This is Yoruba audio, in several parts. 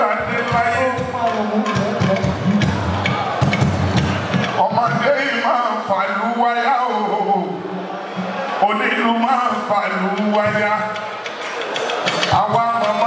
là ń dé láyé. ọmọdé yìí máa ń fàlú onílù máa ń fàlú wáyà àwa máa.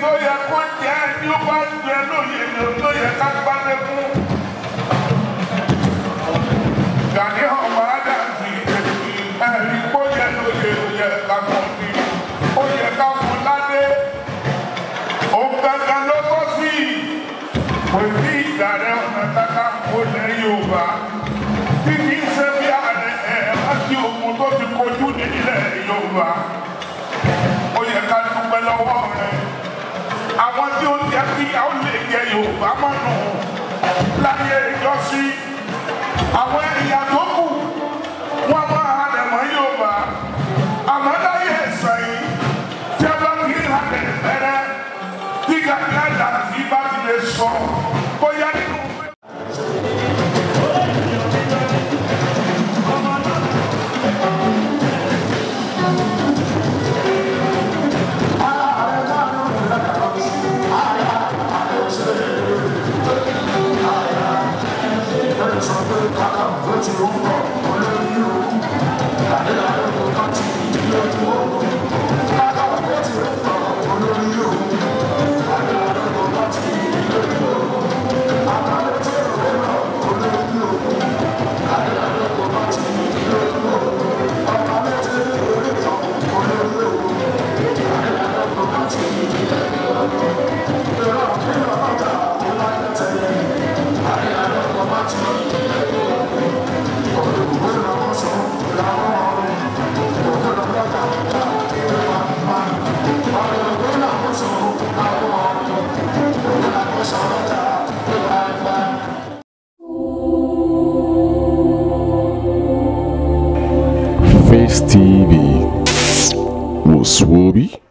tó yẹ kó jẹ́ bí ó bá jẹ lóye ni ó tó yẹ ká gbá lẹ́kún. Gani ọmọ Adáǹtì èsì ẹ̀rí kó yẹ lóye ó yẹ ká fún mi. Ó yẹ ká fún ládé. Òun gangan ló kọ́ sí i. Kò sí ìgbà rẹ̀ ọ̀nà tata kó lẹ́yìn Yorùbá. Bí kì í ṣe bí ààrẹ ẹ̀ ẹ̀ láti òkun tó ti kojú ní ilẹ̀ Yorùbá. áfíríkà ó lè yẹ yorùbá mọ́nù láyé ìjọsí àwọn ẹ̀yà tó kù wọ́n máa halẹ̀ mọ́ yorùbá àmọ́ láyé ẹ̀sán yìí tí a bá kiri halẹ̀ fẹ́rẹ́ tí gàdúrà dàbí bá ti lè sọ̀rọ̀. olórí kàkà bó ti ń bọ̀ olórí you. Stevie, TV was